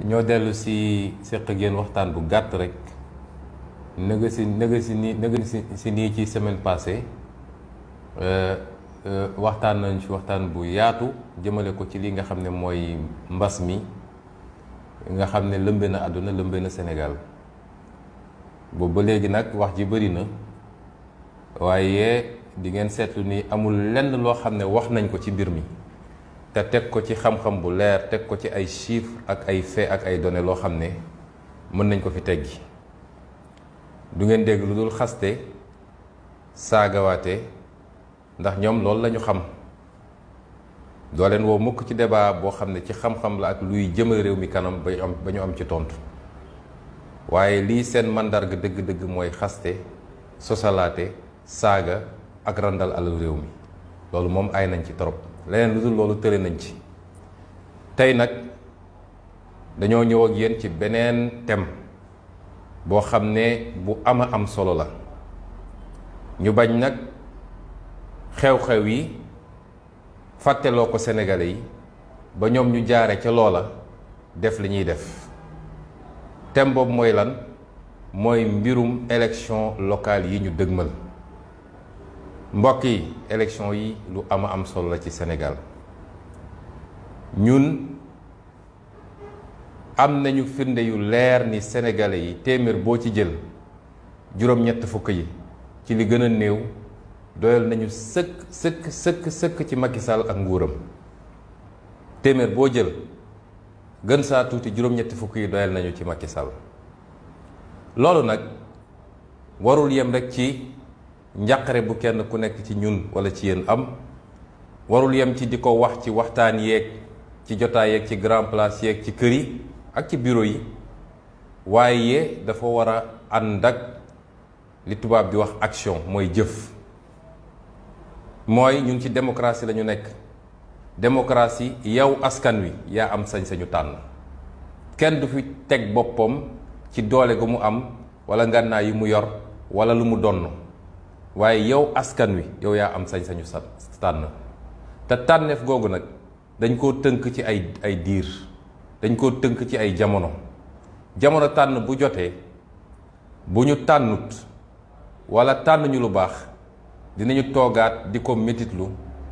ñoo dellu si séq ak waxtaan bu gàtt rek nëga si nëga nii ci semaine passée euh, euh, waxtaan nañ ci waxtaan bu yaatu jëmale ko ci li nga xam ne mooy mbas mi nga xam ne lëmbe na àdduna lëmbe senegal Sénégal ba léegi nag wax ji bëri na waaye di ngeen seetlu ni amul lenn loo xam ne wax nañ ko ci mbir mi te teg ko ci xam-xam bu leer teg ko ci ay chiffres ak ay faits ak ay données loo xam ne mën nañ ko fi teggi du ngeen dégg lu dul xaste saagawaate ndax ñoom loolu lañu xam doo leen woo mukk ci débat boo xam ne ci xam-xam la ak luy jëmal réew mi kanam ba ñu am ci tontu waaye lii seen màndarga dëgg-dëgg mooy xaste sosalaate saaga ak randal alal réew mi loolu moom ay nañ ci torop leneen lu dul loolu tële nañ ci tey nag dañoo ñëw ak yéen ci beneen thème boo xam ne bu ama am solo la ñu bañ nag xew-xew yi fàtteloo ko Sénégalais yi ba ñoom ñu jaare ca loola def li ñuy def thème boobu mooy lan mooy mbirum élection locale yi ñu dëgmal mbokk yi élection yi lu ama am solo la ci senegal ñun am nañu firnde yu leer ni sénégalais yi téeméer boo ci jël juróom yi ci li gën a néew doyal nañu sëkk sëkk sëkk sëkk ci Macky Sall ak nguuram téeméer boo jël gën saa tuuti juróom-ñetti fukk yi doyal nañu ci Macky Sall loolu nag warul yem rek ci njàqare bu kenn ku nekk ci ñun wala ci yéen am warul yem ci di ko wax ci waxtaan yeeg ci jotaay yeeg ci grand place yeeg ci kër yi ak ci bureau yi waaye dafa war a ànd ak li tubaab bi wax action mooy jëf mooy ñun ci démocratie lañu nekk démocratie yow askan wi yaa am sañ-sañu tànn kenn du fi teg boppam ci doole gu mu am wala ngànnaay yi mu yor wala lu mu donn waaye yow askan wi yow yaa am sañ-sañu tànn te tànneef googu nag dañ koo tënk ci ay ay diir dañ koo tënk ci ay jamono jamono tànn bu jotee bu ñu tànnut wala tànn ñu lu baax dinañu toogaat di ko métitlu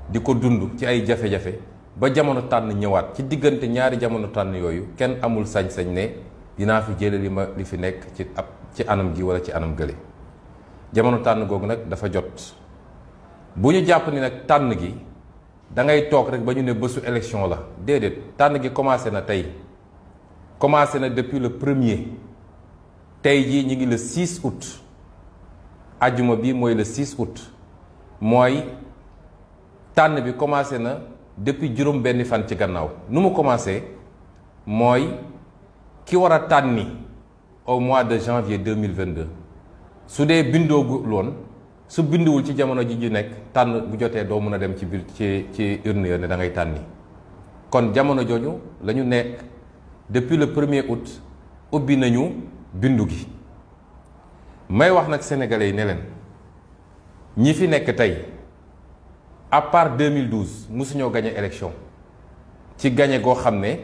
di ko dund ci ay jafe-jafe ba jamono tànn ñëwaat ci diggante ñaari jamono tànn yooyu kenn amul sañ-sañ ne dinaa fi jële li ma li fi nekk ci ab ci anam gi wala ci anam gële jamono tànn googu nag dafa jot bu ñu jàpp ni nag tànn gi da ngay toog rek ba ñu ne bësu élection la déedéet tànn gi commencé na tey commencé na depuis le premier tey jii ñu ngi le 6 août ajuma bi mooy le 6 août mooy tànn bi commencé na depuis juróom benn fan ci gannaaw nu mu commencé mooy ki war a tànni au mois de janvier 2022 su dee bindoogu loon su binduwul ci jamono ji ji nekk tànn bu jotee doo mën a dem ci biir ci ci urne ya ne dangay tànni kon jamono jooju la ñu nekk depuis le premier août ubbi nañu bindu gi may wax nag sénégalais yi ne leen ñi fi nekk tey à part 2012 mosuñoo gañe élection ci gañe goo xam ne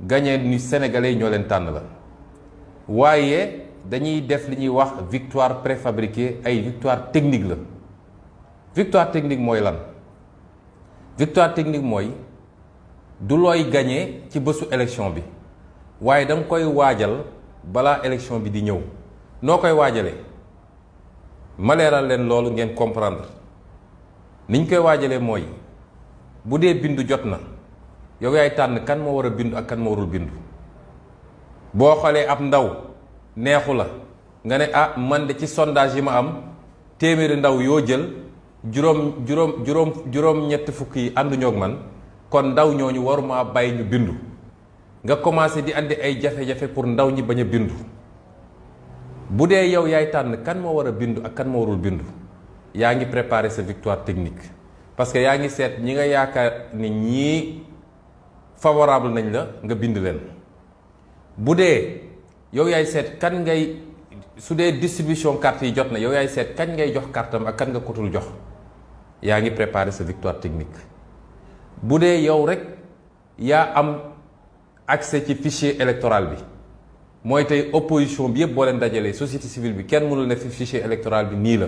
gañee ni sénégalais yi ñoo leen tànn la waaye dañuy def li ñuy wax victoire préfabriquée ay victoire technique la victoire technique mooy lan victoire technique mooy du looy gañee ci bësu élection bi waaye da koy waajal balaa élection bi di ñëw noo koy waajalee ma leen loolu ngeen comprendre niñ koy waajalee mooy bu dee bindu jot na yow yaay tànn kan moo war a bindu ak kan moo warul bindu boo xoolee ab ndaw neexu la nga ne ah man de ci sondage yi ma am téeméeri ndaw yoo jël juróom juróom juróom juróom fukk yi ànduñoo ak man kon ndaw ñoo ñu waruma bàyyi ñu bindu nga commencé di andi ay jafe-jafe pour ndaw ñi bañ a bindu bu dee yow yaay tànn kan moo war a bindu ak kan moo warul bindu yaa ngi préparer sa victoire technique parce que yaa ngi seet ñi nga yaakaar ni ñii favorable nañ la nga bind leen bu dee yow yaay seet kan ngay su dee distribution carte yi jot na yow yaay seet kañ ngay jox kartam ak kan nga kotul jox yaa ngi préparer sa victoire technique bu dee yow rek yaa am accès ci fichier électoral bi mooy tey opposition bi yëpp boo leen dajalee société civile bi kenn mënul ne fi fichier électoral bi nii la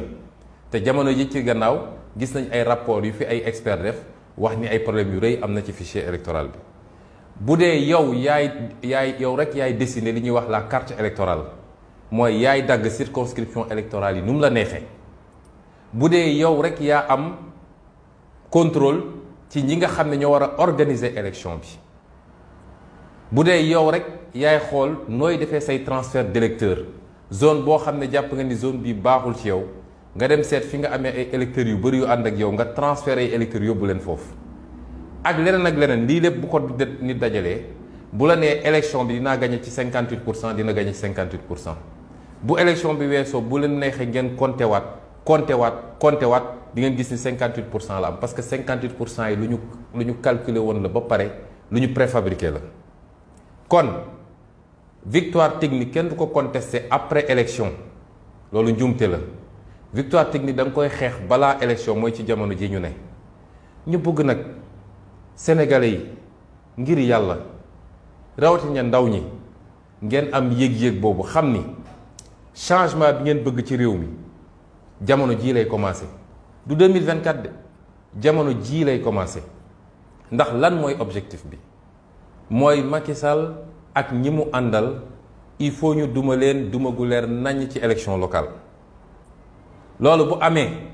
te jamono ji ci gannaaw gis nañ ay rapport yu fi ay expert def wax ni ay problème yu rëy am na ci fichier électoral bi bu dee yow yaay yaay yow rek yaay dessiner li ñuy wax la carte électorale mooy yaay dagg circonscription électorale yi nu mu la neexee bu dee yow rek yaa am contrôle ci ñi nga xam ne ñoo war a organiser élection bi bu dee yow rek yaay xool nooy defee say transfert directeur zone boo xam ne jàpp nga ni zone bi baaxul ci yow nga dem seet fi nga amee ay électeurs yu bëri yu ànd ak yow nga transférer ay électeurs yóbbu leen foofu ak leneen ak leneen lii lépp bu ko nit dajalee bu la nee élection bi dinaa gagné ci 58 pour cent dina gagné ci pour cent bu élection bi weesoo bu leen neexee ngeen compté waat compté waat compté waat di ngeen gis ni 58 pour cent la am parce que pour cent yi lu ñu lu ñu calculé woon la ba pare lu ñu préfabriqué la kon victoire technique kenn du ko contesté après élection loolu njuumte la victoire technique da nga koy xeex balaa élection mooy ci jamono ji ñu ne ñu bëgg nag. sénégalais yi ngir yàlla rawatina ndaw ñi ngeen am yéeg-yéeg boobu xam ni changement bi ngeen bëgg ci réew mi jamono jii lay commencé du 2024 de jamono jii lay commencé ndax lan mooy objectif bi mooy makisal ak ñi mu àndal il faut ñu duma leen duma gu leer naññ ci élection locale loolu bu amee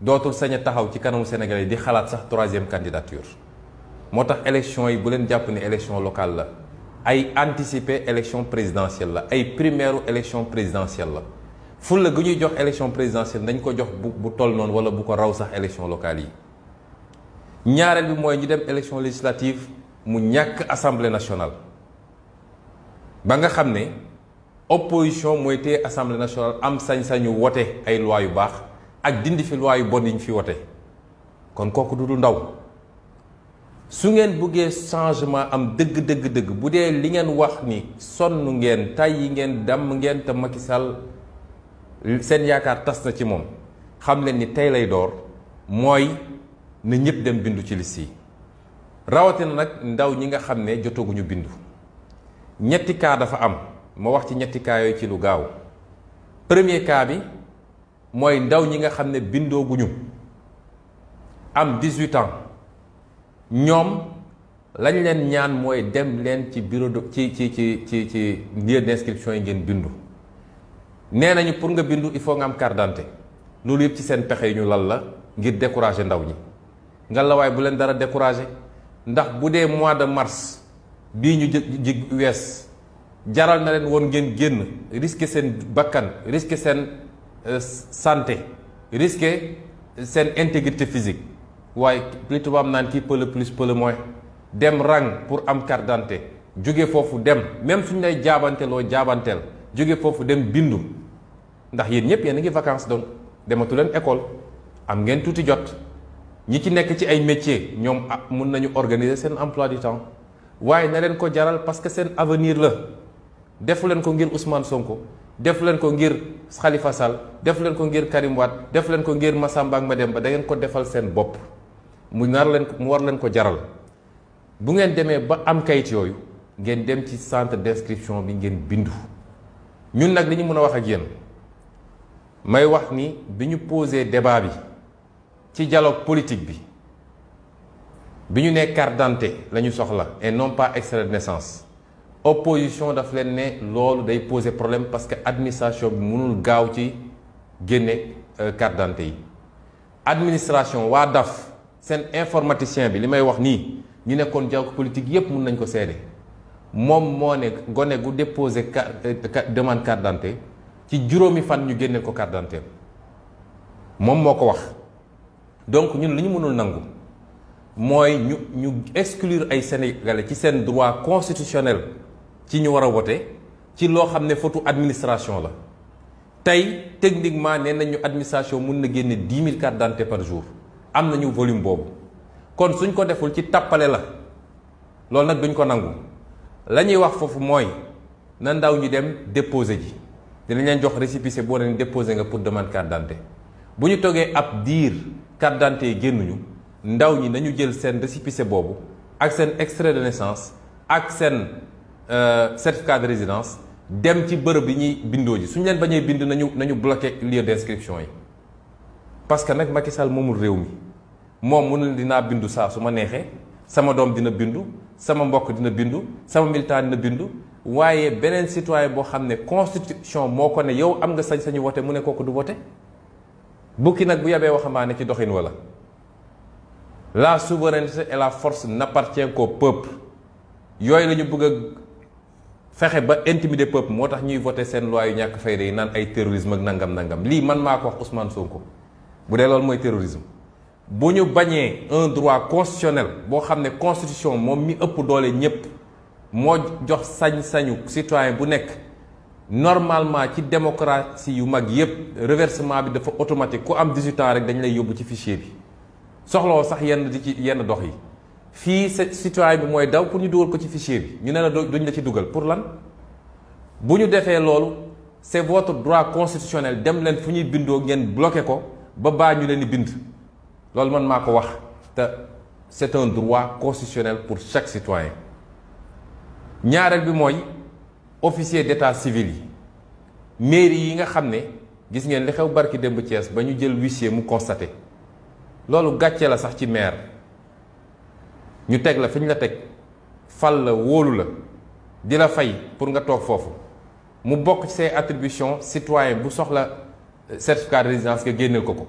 dootul sañ taxaw ci kanamu sénégal yi di xalaat sax troisième candidature moo tax élection yi bu leen jàpp ne élection locale la ay anticiper élection présidentielle la ay primaire élection présidentielle la fulla gu ñuy jox élection présidentielle dañ ko jox bu bu toll noonu wala bu ko raw sax élection locale yi ñaareel bi mooy ñu dem élection législative mu ñàkk assemblée nationale ba nga xam ne opposition mooy téye assemblée nationale am sañ-sañu wote ay loi yu baax ak dind fi loi yu bon yi ñu fi wote kon kooku du du ndaw su ngeen buggee changement am dëgg dëgg dëgg bu dee li ngeen wax ni sonn ngeen tàyyi ngeen dàmm ngeen te Macky Sall seen yaakaar tas na ci moom xam leen ni tey lay door mooy na ñëpp dem bindu ci liste yi rawatina nag ndaw ñi nga xam ne jotaguñu bindu ñetti kaa dafa am ma wax ci ñetti cas yooyu ci lu gaaw premier cas bi. mooy ndaw ñi nga xam ne bindooguñu am 18 ans ñoom lañ leen ñaan mooy dem leen ci bureau de ci ci ci ci ci lieu d'inscription yi ngeen bindu nee nañu pour nga bindu il faut nga am carte loolu yëpp ci seen pexe yi ñu lal la ngir décourager ndaw ñi nga la waay bu leen dara décourager ndax bu dee mois de mars bii ñu ji wees jaral na leen woon ngeen génn risquer seen bakkan risquer seen Euh, santé risquer seen intégrité physique waaye li tubaab naan kii peut le plus peut le dem rang pour am carte d'identité jóge foofu dem même suñu lay jaabanteloo jaabanteel jóge foofu dem bindu ndax yéen ñëpp yéen a ngi vacances donc dematu leen école am ngeen tuuti jot ñi ci nekk ci ay métiers ñoom ah mun nañu organiser seen emploi du temps waaye na leen ko jaral parce que seen avenir la defu leen ko ngir Ousmane Sonko. def leen ko ngir xalifasal def leen ko ngir Karim def leen ko ngir Massamba ak Mademba da ngeen ko defal seen bopp mu nar leen mu war leen ko jaral bu ngeen demee ba am kayit yooyu ngeen dem ci centre d'inscription bi ngeen bindu ñun nag li ñu mën a wax ak yéen may wax ni bi ñu posé débat bi ci dialogue politique bi bi ñu nee carte d'identité la ñu soxla et non pas extrait de naissance opposition daf leen ne loolu day poser problème parce que administration bi mënul gaaw ci génne euh, carte d'identité yi administration waa DAF seen informaticien bi li may wax nii ñu nekkoon jànku politique yépp mën nañ ko seede moom moo ne gone gu déposé carte euh, demande carte d'identité ci juróomi fan ñu génneel ko carte d'identité moom moo ko wax donc ñun li ñu mënul nangu mooy ñu ñu exclure ay sénégalais ci seen droit constitutionnel ci ñu war a wote ci loo xam ne fotu administration la tey techniquement nee nañu administration mun na génne dix mille cartes d'identité par jour am nañu volume boobu kon suñ ko deful ci tappale la loolu nag duñ ko nangu la ñuy wax foofu mooy na ndaw ñi dem déposer ji dinañ leen jox récépissé boo leen déposé nga pour demande carte d'identité bu ñu toggee ab diir carte d'identité yi génnuñu ndaw ñi nañu jël seen récépissé boobu ak seen extrait de naissance ak seen Euh, certificat de résidence dem ci bërëb yi ñuy bindoo ji suñu leen bañee bind nañu nañu bloqué lieu d'inscription yi parce que nag makisal moomul réew mi moom mu ne dinaa bindu saa su ma neexee sama doom dina bindu sama mbokk dina bindu sama militant dina bindu waaye beneen citoyen boo xam ne constitution moo ko ne yow am nga sañ-sañu wote mu ne kooku du wote bukki nag bu yabee waxambaane ci doxin wala la souveraineté et la force n'appartient qu'au a fexe ba intimider peuple moo tax ñuy voté seen loi yu ñàkk fayda yi naan ay terrorisme ak nangam nangam lii man maa ko wax Ousmane Sonko bu dee loolu mooy terrorisme bu ñu bañee un droit constitutionnel boo xam ne constitution moom mi ëpp doole ñépp moo jox sañ-sañu citoyen bu nekk normalement ci démocratie yu mag yépp reversement bi dafa automatique ku am 18 rek dañu lay yóbbu ci fichier bi soxlawoo sax yenn di ci yenn dox yi fii citoyen bi mooy daw pour ñu dugal ko ci fichier bi ñu ne la duñ la ci dugal pour lan bu ñu defee loolu c'est votre droit constitutionnel dem leen fu ñuy bindoo ngeen bloqué ko ba baax ñu leen di bind loolu man maa ko wax te c'est un droit constitutionnel pour chaque citoyen ñaareel bi mooy officier d'état civil yi mairie yi nga xam ne gis ngeen li xew barki démb Thiès ba ñu jël huissier mu constaté loolu gàcce la sax ci maire ñu teg la fi ñu la teg fal la wóolu la di la fay pour nga toog foofu mu bokk ci say attribution citoyen bu soxla euh, certificat de résidence nga génnee ko ko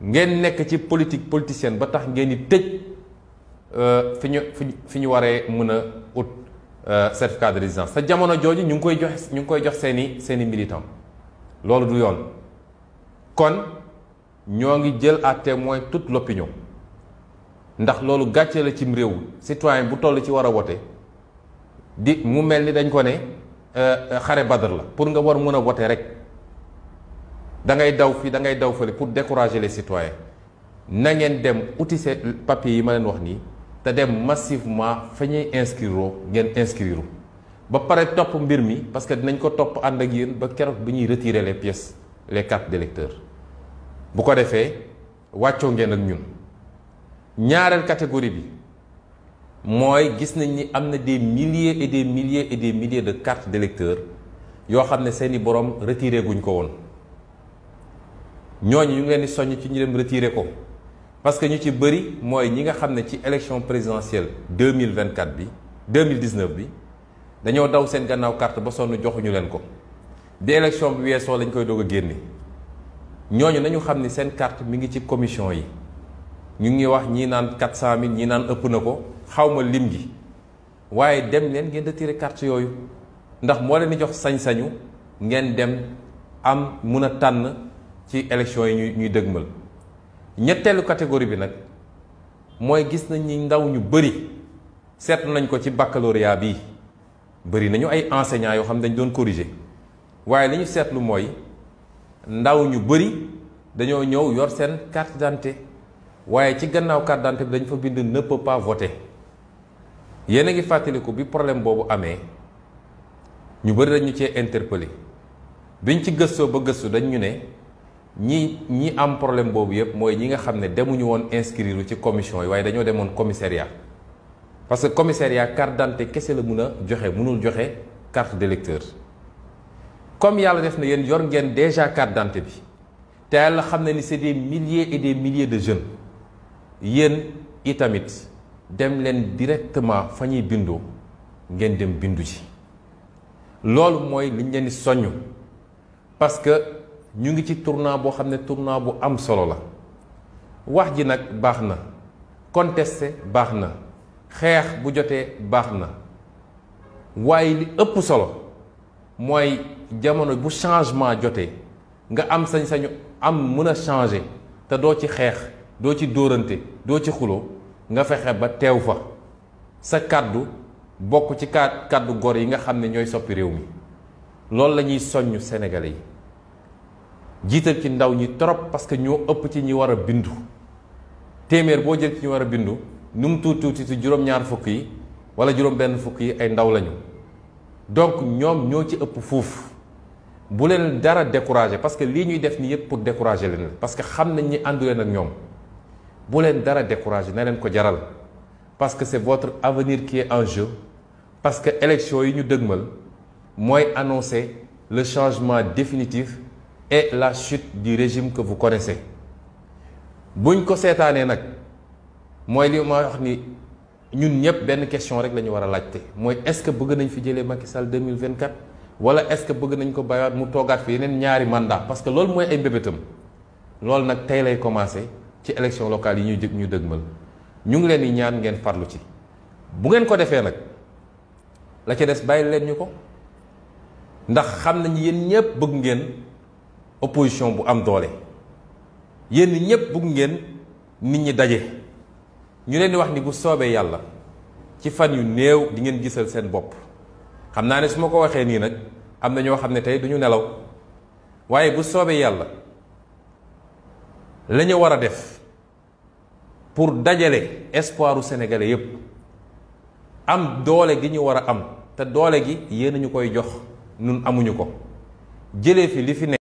ngeen nekk ci politique politicienne ba tax ngeen di tëj euh, fi ñu fi ñu waree mën a ut euh, certificat de résidence sa jamono jooju ñu ngi koy jox ñu ngi koy jox seeni seeni militant loolu du yoon kon ñoo ngi jël à témoin toute l'opinion ndax loolu gàcce la cim réew citoyen bu toll ci war a wote di mu mel ni dañ ko ne euh, xare badar la pour nga war mën a wote rek da ngay daw fii da ngay daw fële pour décourager les citoyens na ngeen dem uti seen papier yi ma leen wax nii te dem massivement fa ñuy inscrire ngeen inscrire ba pare topp mbir mi parce que dinañ ko topp ànd ak yéen ba keroog bi ñuy retirer les pièces les cartes d'électeurs bu ko defee wàccoo ngeen ak ñun. ñaareel catégorie bi mooy gis nañ ni am na des milliers et des milliers et des milliers de cartes d'électeurs yoo xam ne seeni borom retiré guñ ko woon ñooñu ñu ngi leen di soññ ci ñu dem retiré ko parce que ñu ci bëri mooy ñi nga xam ne ci élection présidentielle deux mille vingt quatre bi deux mille dix neuf bi dañoo daw seen gannaaw carte ba sonn joxuñu leen ko bi élection bi weesoo lañ koy doog a génne ñooñu nañu xam ni seen carte mi ngi ci commission yi. ñu ngi wax ñii naan quatre cent mille ñii naan ëpp na ko xawma lim gi waaye dem leen ngeen retiré carte yooyu ndax moo leen di jox sañ-sañu ngeen dem am mun a tànn ci élection yi ñuy ñuy dëgmal ñetteelu catégorie bi nag mooy gis nañ ni ndaw ñu bëri seetlu nañ ko ci baccalauréat bii bëri nañu ay enseignants yoo xam ne dañ doon corriger waaye li ñu seetlu mooy ndaw ñu bëri dañoo ñëw yor seen carte d'identité waaye ci gannaaw carte d'identité bi dañ fa bind ne peut pas voter yéen a ngi fàttaliku bi problème boobu amee ñu bëri dañu cee interpellé biñ ci gëstoo ba gëstu dañ ñu ne ñi ñi am problème boobu yëpp mooy ñi nga xam ne demuñu woon inscrire ci commission yi waaye dañoo demoon commissariat parce que commissariat carte d'identité kese la mun a joxe munul joxe carte d'électeur comme yàlla def na yéen yor ngeen déjà carte d'identité bi te yàlla xam na ni c'est des milliers et des milliers jeunes yéen itamit dem leen directement fa ñuy bindoo ngeen dem bindu ci loolu mooy liñ leen di soññ parce que ñu ngi ci tournant boo xam ne tournant bu am solo la wax ji nag baax na contesté baax na xeex bu jotee baax na waaye li ëpp solo mooy jamono bu changement jotee nga am sañ-sañu am mën a changer te doo ci xeex doo ci dóorante doo ci xuloo nga fexe ba teew fa sa kàddu bokk ci ka kàddu gor yi nga xam ne ñooy soppi réew mi loolu la ñuy soññ sénégalais yi jiital ci ndaw ñi trop parce que ñoo ëpp ci ñi war a bindu téeméer boo jël ci ñi war a bindu nu mu tuuti tuuti ci juróom-ñaar fukk yi wala juróom-benn fukk yi ay ndaw lañu donc ñoom ñoo ci ëpp fuuf bu leen dara découragé parce que lii ñuy def nii yëpp pour décourager leen parce que xam nañ ñi àndu leen ak ñoom. bu leen dara découragé na leen ko jaral parce que c'est votre avenir qui est en jeu parce que élection yi ñu dëgmal mooy annoncer le changement définitif et la chute du régime que vous connaissez buñ ko seetaanee nag mooy li ma wax ni ñun ñëpp benn question rek la ñu war a laajte mooy est-ce que bëgg nañ fi jëlee Macky Sall 2024 wala est-ce que bëgg nañ ko bàyyiwaat mu toogaat fi yeneen ñaari mandat parce que loolu mooy ay mbébétam loolu nag tey lay commencer ci élection locale yi ñu jëg ñu dëgmal ñu ngi leen di ñaan ngeen farlu ci bu ngeen ko defee nag la ca des bàyyi leen ñu ko ndax xam nañu yéen ñëpp bëgg ngeen opposition bu am doole yéen ñëpp bëgg ngeen nit ñi daje ñu leen di wax ni bu soobee yàlla ci fan yu néew di ngeen gisal seen bopp xam naa ne su ma ko waxee nii nag am na ñoo xam ne tey du ñu nelaw waaye bu soobee yàlla la ñu war a def pour dajale espoiru sénégalais yépp am doole gi ñu war a am te doole gi yéen ñu koy jox nun amuñu ko jëlee fi li fi nekk